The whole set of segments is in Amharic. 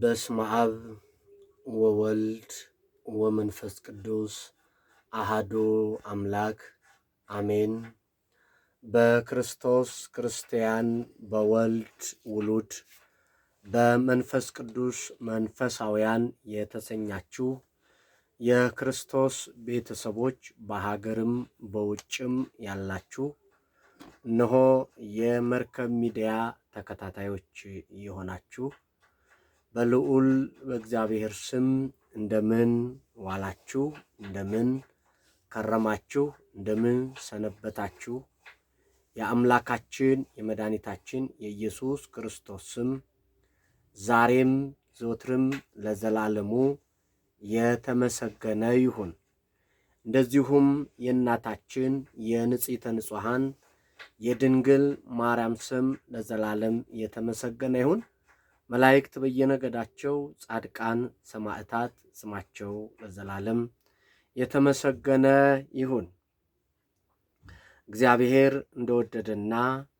በስመ አብ ወወልድ ወመንፈስ ቅዱስ አሃዱ አምላክ አሜን። በክርስቶስ ክርስቲያን በወልድ ውሉድ በመንፈስ ቅዱስ መንፈሳውያን የተሰኛችሁ የክርስቶስ ቤተሰቦች በሀገርም በውጭም ያላችሁ እነሆ የመርከብ ሚዲያ ተከታታዮች የሆናችሁ በልዑል በእግዚአብሔር ስም እንደምን ዋላችሁ፣ እንደምን ከረማችሁ፣ እንደምን ሰነበታችሁ። የአምላካችን የመድኃኒታችን የኢየሱስ ክርስቶስ ስም ዛሬም ዘወትርም ለዘላለሙ የተመሰገነ ይሁን። እንደዚሁም የእናታችን የንጽሕተ ንጹሐን የድንግል ማርያም ስም ለዘላለም የተመሰገነ ይሁን። መላእክት በየነገዳቸው፣ ጻድቃን፣ ሰማዕታት ስማቸው ለዘላለም የተመሰገነ ይሁን። እግዚአብሔር እንደወደደና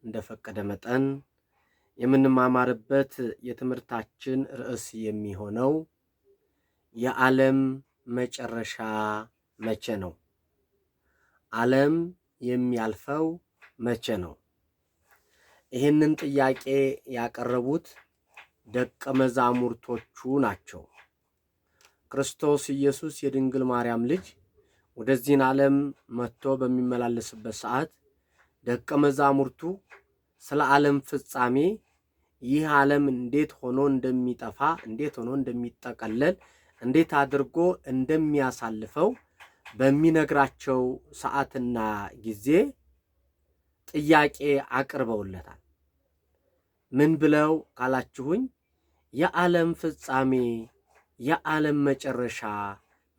እንደፈቀደ መጠን የምንማማርበት የትምህርታችን ርዕስ የሚሆነው የዓለም መጨረሻ መቼ ነው? ዓለም የሚያልፈው መቼ ነው? ይህንን ጥያቄ ያቀረቡት ደቀ መዛሙርቶቹ ናቸው። ክርስቶስ ኢየሱስ የድንግል ማርያም ልጅ ወደዚህን ዓለም መጥቶ በሚመላለስበት ሰዓት ደቀ መዛሙርቱ ስለ ዓለም ፍጻሜ ይህ ዓለም እንዴት ሆኖ እንደሚጠፋ፣ እንዴት ሆኖ እንደሚጠቀለል፣ እንዴት አድርጎ እንደሚያሳልፈው በሚነግራቸው ሰዓትና ጊዜ ጥያቄ አቅርበውለታል። ምን ብለው ካላችሁኝ የዓለም ፍጻሜ የዓለም መጨረሻ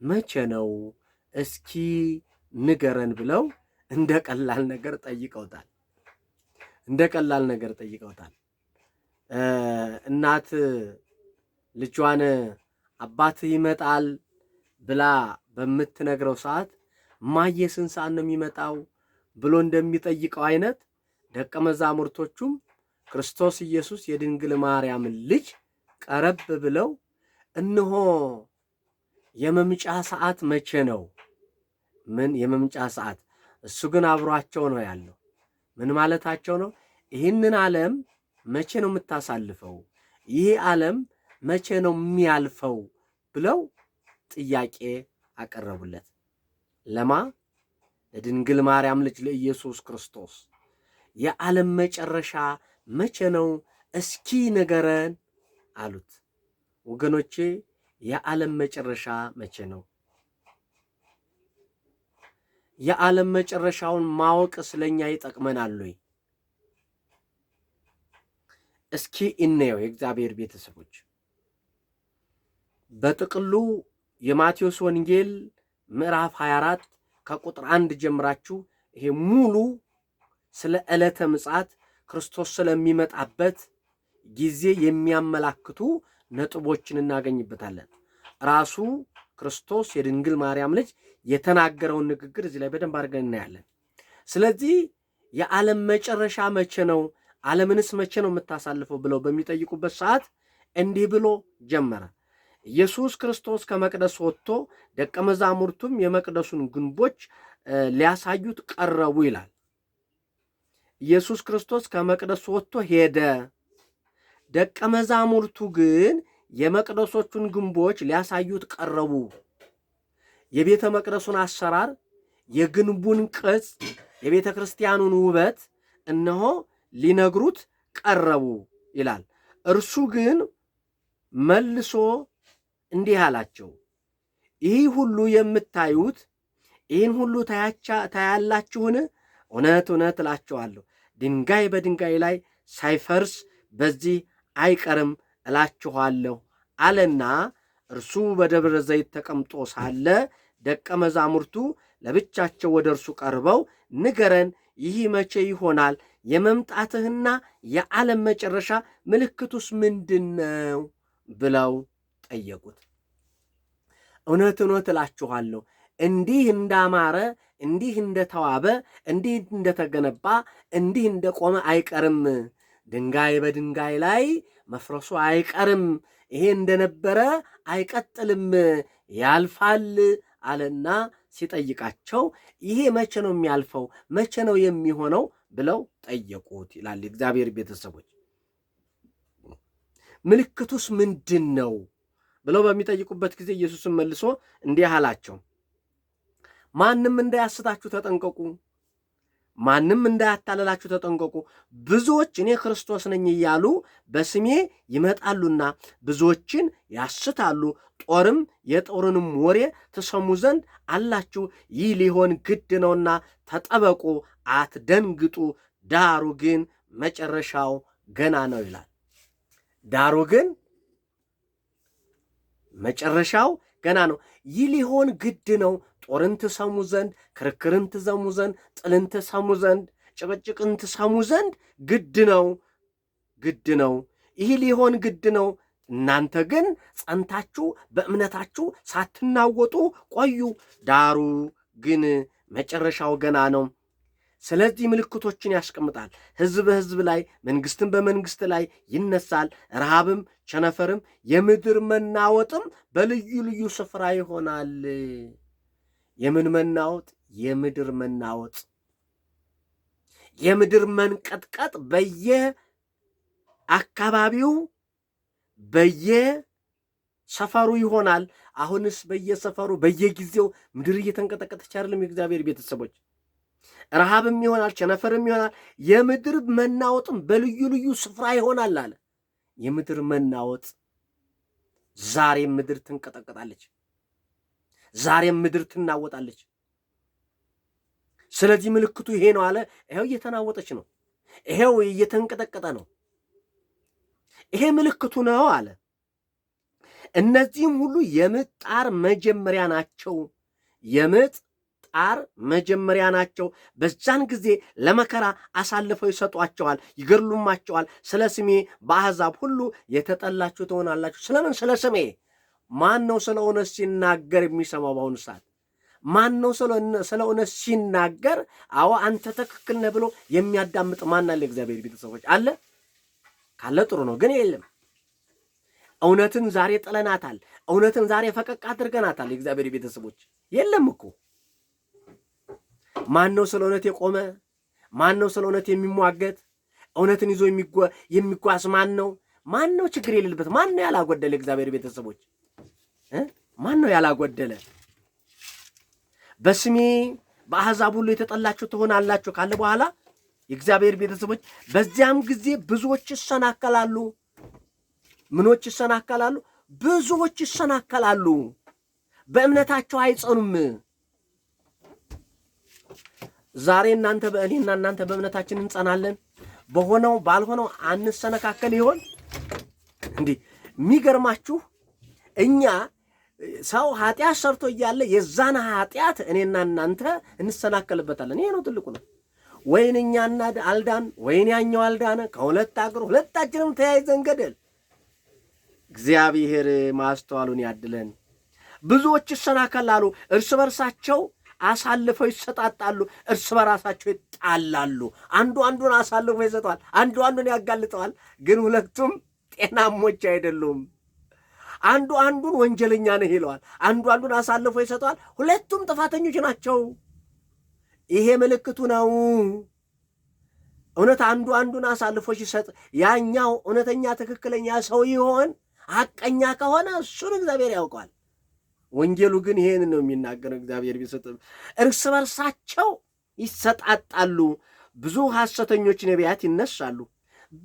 መቼ ነው እስኪ ንገረን ብለው እንደ ቀላል ነገር ጠይቀውታል። እንደ ቀላል ነገር ጠይቀውታል። እናት ልጇን አባት ይመጣል ብላ በምትነግረው ሰዓት ማየ ስንት ሰዓት ነው የሚመጣው ብሎ እንደሚጠይቀው አይነት ደቀ መዛሙርቶቹም ክርስቶስ ኢየሱስ የድንግል ማርያምን ልጅ ቀረብ ብለው እነሆ የመምጫ ሰዓት መቼ ነው? ምን የመምጫ ሰዓት? እሱ ግን አብሯቸው ነው ያለው። ምን ማለታቸው ነው? ይህንን ዓለም መቼ ነው የምታሳልፈው? ይህ ዓለም መቼ ነው የሚያልፈው? ብለው ጥያቄ አቀረቡለት። ለማ ለድንግል ማርያም ልጅ ለኢየሱስ ክርስቶስ የዓለም መጨረሻ መቼ ነው? እስኪ ንገረን አሉት። ወገኖቼ የዓለም መጨረሻ መቼ ነው? የዓለም መጨረሻውን ማወቅ ስለኛ ይጠቅመናል ወይ? እስኪ እንየው። የእግዚአብሔር ቤተሰቦች በጥቅሉ የማቴዎስ ወንጌል ምዕራፍ 24 ከቁጥር አንድ ጀምራችሁ ይሄ ሙሉ ስለ ዕለተ ምጽአት ክርስቶስ ስለሚመጣበት ጊዜ የሚያመላክቱ ነጥቦችን እናገኝበታለን። ራሱ ክርስቶስ የድንግል ማርያም ልጅ የተናገረውን ንግግር እዚህ ላይ በደንብ አድርገን እናያለን። ስለዚህ የዓለም መጨረሻ መቼ ነው? ዓለምንስ መቼ ነው የምታሳልፈው ብለው በሚጠይቁበት ሰዓት እንዲህ ብሎ ጀመረ። ኢየሱስ ክርስቶስ ከመቅደስ ወጥቶ ደቀ መዛሙርቱም የመቅደሱን ግንቦች ሊያሳዩት ቀረቡ ይላል። ኢየሱስ ክርስቶስ ከመቅደስ ወጥቶ ሄደ ደቀ መዛሙርቱ ግን የመቅደሶቹን ግንቦች ሊያሳዩት ቀረቡ። የቤተ መቅደሱን አሰራር፣ የግንቡን ቅጽ፣ የቤተ ክርስቲያኑን ውበት እነሆ ሊነግሩት ቀረቡ ይላል። እርሱ ግን መልሶ እንዲህ አላቸው፣ ይህ ሁሉ የምታዩት ይህን ሁሉ ታያላችሁን? እውነት እውነት እላችኋለሁ ድንጋይ በድንጋይ ላይ ሳይፈርስ በዚህ አይቀርም እላችኋለሁ አለና እርሱ በደብረ ዘይት ተቀምጦ ሳለ ደቀ መዛሙርቱ ለብቻቸው ወደ እርሱ ቀርበው ንገረን፣ ይህ መቼ ይሆናል? የመምጣትህና የዓለም መጨረሻ ምልክቱስ ምንድን ነው? ብለው ጠየቁት። እውነት እውነት እላችኋለሁ እንዲህ እንዳማረ እንዲህ እንደተዋበ እንዲህ እንደተገነባ እንዲህ እንደቆመ አይቀርም ድንጋይ በድንጋይ ላይ መፍረሱ አይቀርም፣ ይሄ እንደነበረ አይቀጥልም፣ ያልፋል አለና ሲጠይቃቸው ይሄ መቼ ነው የሚያልፈው? መቼ ነው የሚሆነው ብለው ጠየቁት ይላል። የእግዚአብሔር ቤተሰቦች ምልክቱስ ምንድን ነው ብለው በሚጠይቁበት ጊዜ ኢየሱስን መልሶ እንዲህ አላቸው፣ ማንም እንዳያስታችሁ ተጠንቀቁ። ማንም እንዳያታለላችሁ ተጠንቀቁ። ብዙዎች እኔ ክርስቶስ ነኝ እያሉ በስሜ ይመጣሉና ብዙዎችን ያስታሉ። ጦርም የጦርንም ወሬ ትሰሙ ዘንድ አላችሁ። ይህ ሊሆን ግድ ነውና ተጠበቁ፣ አትደንግጡ። ዳሩ ግን መጨረሻው ገና ነው ይላል። ዳሩ ግን መጨረሻው ገና ነው። ይህ ሊሆን ግድ ነው። ጦርን ትሰሙ ዘንድ፣ ክርክርን ትሰሙ ዘንድ፣ ጥልን ትሰሙ ዘንድ፣ ጭቅጭቅን ትሰሙ ዘንድ ግድ ነው ግድ ነው። ይህ ሊሆን ግድ ነው። እናንተ ግን ጸንታችሁ በእምነታችሁ ሳትናወጡ ቆዩ። ዳሩ ግን መጨረሻው ገና ነው። ስለዚህ ምልክቶችን ያስቀምጣል። ህዝብ በህዝብ ላይ፣ መንግስትም በመንግስት ላይ ይነሳል። ረሃብም፣ ቸነፈርም፣ የምድር መናወጥም በልዩ ልዩ ስፍራ ይሆናል። የምን መናወጥ? የምድር መናወጥ፣ የምድር መንቀጥቀጥ በየአካባቢው በየሰፈሩ ይሆናል። አሁንስ በየሰፈሩ በየጊዜው ምድር እየተንቀጠቀጠች አይደለም? የእግዚአብሔር ቤተሰቦች ረሃብም ይሆናል፣ ቸነፈርም ይሆናል፣ የምድር መናወጥም በልዩ ልዩ ስፍራ ይሆናል አለ። የምድር መናወጥ ዛሬም ምድር ትንቀጠቀጣለች። ዛሬም ምድር ትናወጣለች። ስለዚህ ምልክቱ ይሄ ነው አለ። ይኸው እየተናወጠች ነው፣ ይሄው እየተንቀጠቀጠ ነው። ይሄ ምልክቱ ነው አለ። እነዚህም ሁሉ የምጥ ጣር መጀመሪያ ናቸው። የምጥ ጣር መጀመሪያ ናቸው። በዛን ጊዜ ለመከራ አሳልፈው ይሰጧቸዋል፣ ይገድሉማቸዋል። ስለ ስሜ በአሕዛብ ሁሉ የተጠላችሁ ትሆናላችሁ። ስለምን? ስለ ስሜ። ማን ነው ስለ እውነት ሲናገር የሚሰማው? በአሁኑ ሰዓት ማን ነው ስለ እውነት ሲናገር አዎ አንተ ትክክል ነህ ብሎ የሚያዳምጥ ማን አለ? እግዚአብሔር ቤተሰቦች አለ ካለ ጥሩ ነው፣ ግን የለም። እውነትን ዛሬ ጥለናታል። እውነትን ዛሬ ፈቀቅ አድርገናታል። የእግዚአብሔር ቤተሰቦች የለም እኮ ማን ነው ስለ እውነት የቆመ? ማን ነው ስለ እውነት የሚሟገት? እውነትን ይዞ የሚጓዝ ማን ነው? ማን ነው ችግር የሌለበት? ማን ነው ያላጎደለ? እግዚአብሔር ቤተሰቦች ማን ነው ያላጎደለ? በስሜ በአሕዛብ ሁሉ የተጠላችሁ ትሆናላችሁ ካለ በኋላ የእግዚአብሔር ቤተሰቦች በዚያም ጊዜ ብዙዎች ይሰናከላሉ። ምኖች ይሰናከላሉ? ብዙዎች ይሰናከላሉ። በእምነታቸው አይጸኑም። ዛሬ እናንተ በእኔና እናንተ በእምነታችን እንጸናለን። በሆነው ባልሆነው አንሰነካከል ይሆን እንዲህ የሚገርማችሁ እኛ ሰው ኃጢአት ሰርቶ እያለ የዛን ኃጢአት እኔና እናንተ እንሰናከልበታለን። ይሄ ነው ትልቁ ነው። ወይን እኛ አልዳን ወይን ያኛው አልዳነ፣ ከሁለት አገር ሁለታችንም ተያይዘን ገደል። እግዚአብሔር ማስተዋሉን ያድለን። ብዙዎች ይሰናከላሉ እርስ በርሳቸው አሳልፈው ይሰጣጣሉ፣ እርስ በራሳቸው ይጣላሉ። አንዱ አንዱን አሳልፎ ይሰጠዋል፣ አንዱ አንዱን ያጋልጠዋል። ግን ሁለቱም ጤናሞች አይደሉም። አንዱ አንዱን ወንጀለኛ ነህ ይለዋል፣ አንዱ አንዱን አሳልፎ ይሰጠዋል። ሁለቱም ጥፋተኞች ናቸው። ይሄ ምልክቱ ነው። እውነት አንዱ አንዱን አሳልፎ ሲሰጥ ያኛው እውነተኛ ትክክለኛ ሰው ይሆን? ሐቀኛ ከሆነ እሱን እግዚአብሔር ያውቀዋል። ወንጌሉ ግን ይሄን ነው የሚናገረው። እግዚአብሔር ቢሰጥ እርስ በርሳቸው ይሰጣጣሉ፣ ብዙ ሐሰተኞች ነቢያት ይነሳሉ፣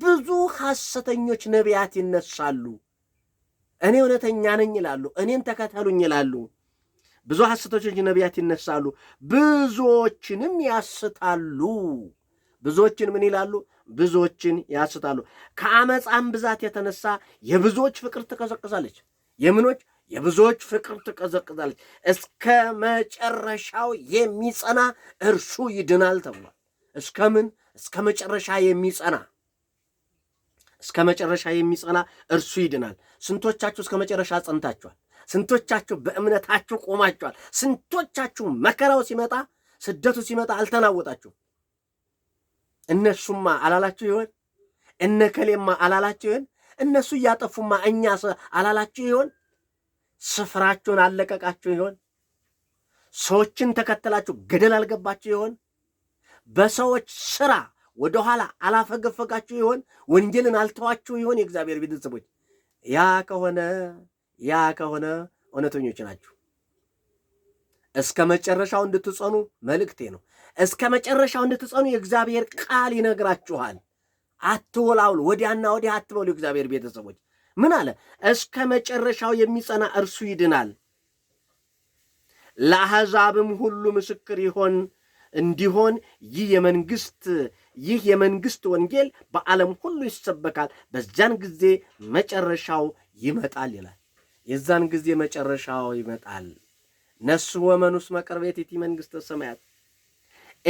ብዙ ሐሰተኞች ነቢያት ይነሳሉ። እኔ እውነተኛ ነኝ ይላሉ፣ እኔን ተከተሉኝ ይላሉ። ብዙ ሐሰተኞች ነቢያት ይነሳሉ፣ ብዙዎችንም ያስታሉ። ብዙዎችን ምን ይላሉ? ብዙዎችን ያስታሉ። ከአመፃም ብዛት የተነሳ የብዙዎች ፍቅር ትቀዘቅዛለች። የምኖች የብዙዎች ፍቅር ትቀዘቅዛለች። እስከ መጨረሻው የሚጸና እርሱ ይድናል ተብሏል። እስከ ምን? እስከ መጨረሻ የሚጸና እስከ መጨረሻ የሚጸና እርሱ ይድናል። ስንቶቻችሁ እስከ መጨረሻ ጸንታችኋል? ስንቶቻችሁ በእምነታችሁ ቆማችኋል? ስንቶቻችሁ መከራው ሲመጣ ስደቱ ሲመጣ አልተናወጣችሁ እነሱማ አላላችሁ ይሆን? እነ ከሌማ አላላችሁ ይሆን? እነሱ እያጠፉማ እኛ አላላችሁ ይሆን? ስፍራችሁን አለቀቃችሁ ይሆን? ሰዎችን ተከተላችሁ ገደል አልገባችሁ ይሆን? በሰዎች ስራ ወደኋላ አላፈገፈጋችሁ ይሆን? ወንጀልን አልተዋችሁ ይሆን? የእግዚአብሔር ቤተሰቦች፣ ያ ከሆነ ያ ከሆነ እውነተኞች ናችሁ። እስከ መጨረሻው እንድትጸኑ መልእክቴ ነው። እስከ መጨረሻው እንድትጸኑ የእግዚአብሔር ቃል ይነግራችኋል። አትወላውሉ፣ ወዲያና ወዲህ አትበሉ፣ የእግዚአብሔር ቤተሰቦች ምን አለ? እስከ መጨረሻው የሚጸና እርሱ ይድናል፣ ለአሕዛብም ሁሉ ምስክር ይሆን እንዲሆን ይህ የመንግስት ይህ የመንግስት ወንጌል በዓለም ሁሉ ይሰበካል፣ በዚያን ጊዜ መጨረሻው ይመጣል ይላል። የዛን ጊዜ መጨረሻው ይመጣል። ነሱ ወመኑስ መቅረቤት የቲ መንግሥተ ሰማያት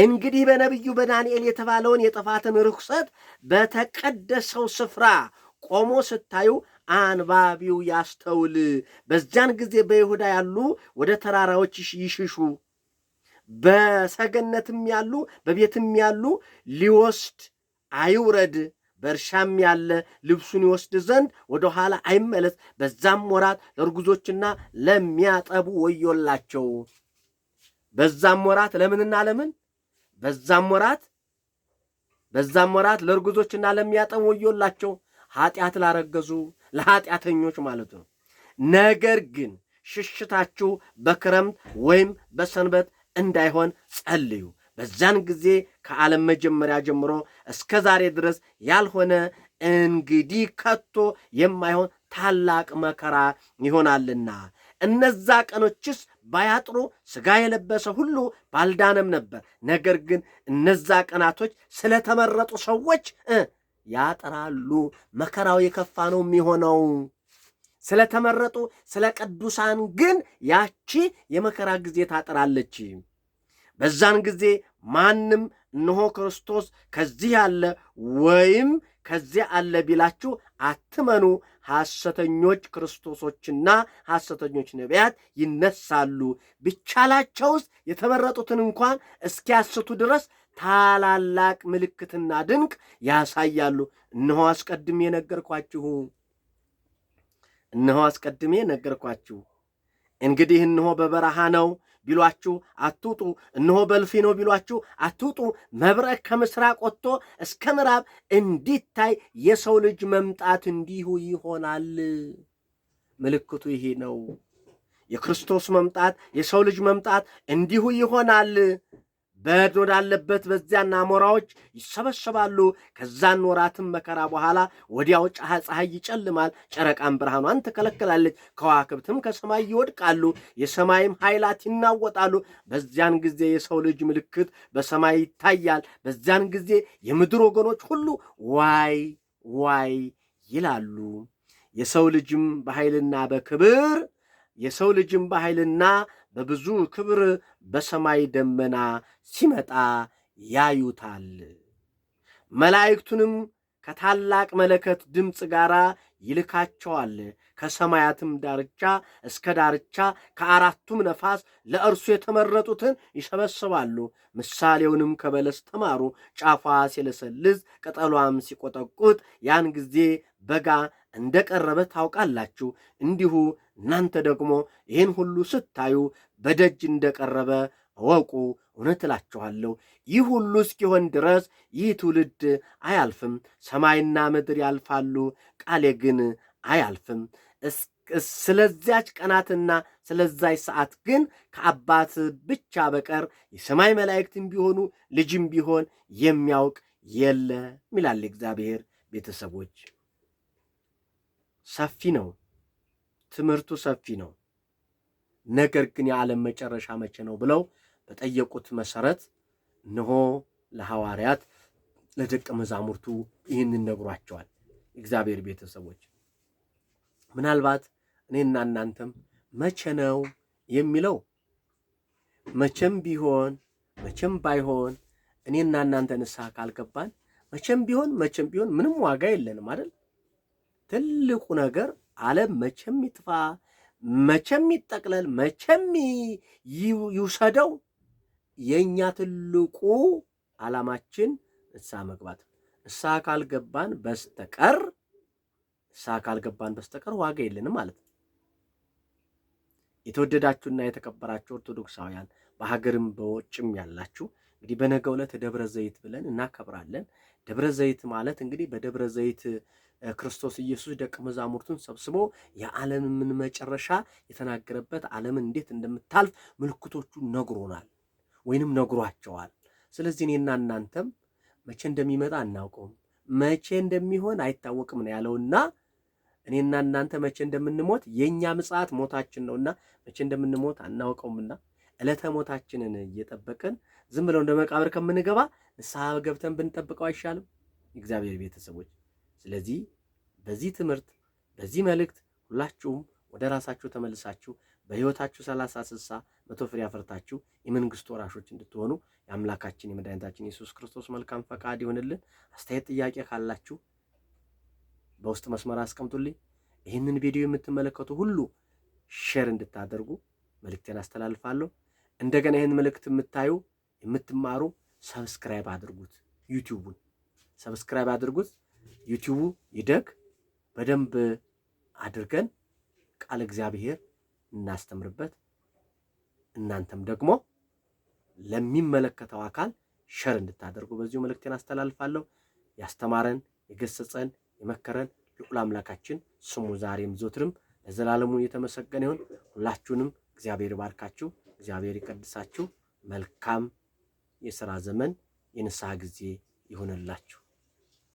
እንግዲህ በነቢዩ በዳንኤል የተባለውን የጥፋትን ርኩሰት በተቀደሰው ስፍራ ቆሞ ስታዩ አንባቢው ያስተውል። በዚያን ጊዜ በይሁዳ ያሉ ወደ ተራራዎች ይሽሹ፣ በሰገነትም ያሉ በቤትም ያሉ ሊወስድ አይውረድ። በእርሻም ያለ ልብሱን ይወስድ ዘንድ ወደ ኋላ አይመለስ። በዛም ወራት ለርጉዞችና ለሚያጠቡ ወዮላቸው። በዛም ወራት ለምንና ለምን? በዛም ወራት በዛም ወራት ለርጉዞችና ለሚያጠቡ ወዮላቸው። ኃጢአት ላረገዙ ለኃጢአተኞች ማለት ነው። ነገር ግን ሽሽታችሁ በክረምት ወይም በሰንበት እንዳይሆን ጸልዩ። በዚያን ጊዜ ከዓለም መጀመሪያ ጀምሮ እስከ ዛሬ ድረስ ያልሆነ እንግዲህ ከቶ የማይሆን ታላቅ መከራ ይሆናልና። እነዛ ቀኖችስ ባያጥሩ ሥጋ የለበሰ ሁሉ ባልዳነም ነበር። ነገር ግን እነዛ ቀናቶች ስለተመረጡ ሰዎች ያጥራሉ። መከራው የከፋ ነው የሚሆነው። ስለተመረጡ ስለ ቅዱሳን ግን ያቺ የመከራ ጊዜ ታጥራለች። በዛን ጊዜ ማንም እነሆ ክርስቶስ ከዚህ አለ ወይም ከዚያ አለ ቢላችሁ አትመኑ። ሐሰተኞች ክርስቶሶችና ሐሰተኞች ነቢያት ይነሳሉ። ቢቻላቸውስ የተመረጡትን እንኳን እስኪያስቱ ድረስ ታላላቅ ምልክትና ድንቅ ያሳያሉ። እነሆ አስቀድሜ ነገርኳችሁ እነሆ አስቀድሜ ነገርኳችሁ። እንግዲህ እነሆ በበረሃ ነው ቢሏችሁ አትውጡ፣ እነሆ በልፊ ነው ቢሏችሁ አትውጡ። መብረቅ ከምስራቅ ወጥቶ እስከ ምዕራብ እንዲታይ የሰው ልጅ መምጣት እንዲሁ ይሆናል። ምልክቱ ይሄ ነው። የክርስቶስ መምጣት የሰው ልጅ መምጣት እንዲሁ ይሆናል። በእድ ወዳለበት በዚያን አሞራዎች ይሰበሰባሉ። ከዛን ወራትም መከራ በኋላ ወዲያው ፀሐይ ይጨልማል፣ ጨረቃን ብርሃኗን ትከለክላለች፣ ከዋክብትም ከሰማይ ይወድቃሉ፣ የሰማይም ኃይላት ይናወጣሉ። በዚያን ጊዜ የሰው ልጅ ምልክት በሰማይ ይታያል። በዚያን ጊዜ የምድር ወገኖች ሁሉ ዋይ ዋይ ይላሉ። የሰው ልጅም በኃይልና በክብር የሰው ልጅም በኃይልና በብዙ ክብር በሰማይ ደመና ሲመጣ ያዩታል። መላእክቱንም ከታላቅ መለከት ድምፅ ጋር ይልካቸዋል። ከሰማያትም ዳርቻ እስከ ዳርቻ ከአራቱም ነፋስ ለእርሱ የተመረጡትን ይሰበስባሉ። ምሳሌውንም ከበለስ ተማሩ። ጫፏ ሲለሰልዝ ቅጠሏም ሲቆጠቁጥ ያን ጊዜ በጋ እንደቀረበ ታውቃላችሁ። እንዲሁ እናንተ ደግሞ ይህን ሁሉ ስታዩ በደጅ እንደቀረበ እወቁ። እውነት እላችኋለሁ ይህ ሁሉ እስኪሆን ድረስ ይህ ትውልድ አያልፍም። ሰማይና ምድር ያልፋሉ፣ ቃሌ ግን አያልፍም። ስለዚያች ቀናትና ስለዛች ሰዓት ግን ከአባት ብቻ በቀር የሰማይ መላእክትም ቢሆኑ ልጅም ቢሆን የሚያውቅ የለም ይላል እግዚአብሔር። ቤተሰቦች ሰፊ ነው፣ ትምህርቱ ሰፊ ነው። ነገር ግን የዓለም መጨረሻ መቼ ነው ብለው በጠየቁት መሰረት እነሆ ለሐዋርያት ለደቀ መዛሙርቱ ይህንን ነግሯቸዋል። እግዚአብሔር ቤተሰቦች ምናልባት እኔና እናንተም መቼ ነው የሚለው መቼም ቢሆን መቼም ባይሆን እኔና እናንተ ንስሐ ካልገባን መቼም ቢሆን መቼም ቢሆን ምንም ዋጋ የለንም አይደል? ትልቁ ነገር ዓለም መቼም ይጥፋ፣ መቼም ይጠቅለል፣ መቼም ይውሰደው፣ የእኛ ትልቁ ዓላማችን ንስሐ መግባት። ንስሐ ካልገባን በስተቀር ንስሐ ካልገባን በስተቀር ዋጋ የለንም ማለት ነው። የተወደዳችሁና የተከበራችሁ ኦርቶዶክሳውያን በሀገርም በውጭም ያላችሁ እንግዲህ በነገ ዕለት ደብረ ዘይት ብለን እናከብራለን። ደብረ ዘይት ማለት እንግዲህ በደብረ ዘይት ክርስቶስ ኢየሱስ ደቀ መዛሙርቱን ሰብስቦ የዓለምን መጨረሻ የተናገረበት ዓለምን እንዴት እንደምታልፍ ምልክቶቹ ነግሮናል ወይንም ነግሯቸዋል። ስለዚህ እኔና እናንተም መቼ እንደሚመጣ አናውቀውም፣ መቼ እንደሚሆን አይታወቅም ነው ያለውና እኔና እናንተ መቼ እንደምንሞት የእኛ ምጽአት ሞታችን ነውና መቼ እንደምንሞት አናውቀውምና ዕለተ ሞታችንን እየጠበቅን ዝም ብለው እንደ መቃብር ከምንገባ ንስሐ ገብተን ብንጠብቀው አይሻልም? እግዚአብሔር ቤተሰቦች፣ ስለዚህ በዚህ ትምህርት በዚህ መልእክት ሁላችሁም ወደ ራሳችሁ ተመልሳችሁ በሕይወታችሁ ሰላሳ ስልሳ መቶ ፍሬ አፍርታችሁ የመንግስቱ ወራሾች እንድትሆኑ የአምላካችን የመድኃኒታችን የሱስ ክርስቶስ መልካም ፈቃድ ይሆንልን። አስተያየት ጥያቄ ካላችሁ በውስጥ መስመር አስቀምጡልኝ። ይህንን ቪዲዮ የምትመለከቱ ሁሉ ሼር እንድታደርጉ መልእክቴን አስተላልፋለሁ። እንደገና ይህን መልእክት የምታዩ የምትማሩ ሰብስክራይብ አድርጉት። ዩቲዩቡን ሰብስክራይብ አድርጉት። ዩቲዩቡ ይደግ። በደንብ አድርገን ቃል እግዚአብሔር እናስተምርበት። እናንተም ደግሞ ለሚመለከተው አካል ሸር እንድታደርጉ በዚሁ መልእክቴን አስተላልፋለሁ። ያስተማረን የገሰጸን የመከረን ልዑል አምላካችን ስሙ ዛሬም ዘወትርም ለዘላለሙ እየተመሰገን ይሁን። ሁላችሁንም እግዚአብሔር ይባርካችሁ። እግዚአብሔር ይቀድሳችሁ። መልካም የሥራ ዘመን የንስሐ ጊዜ ይሆንላችሁ።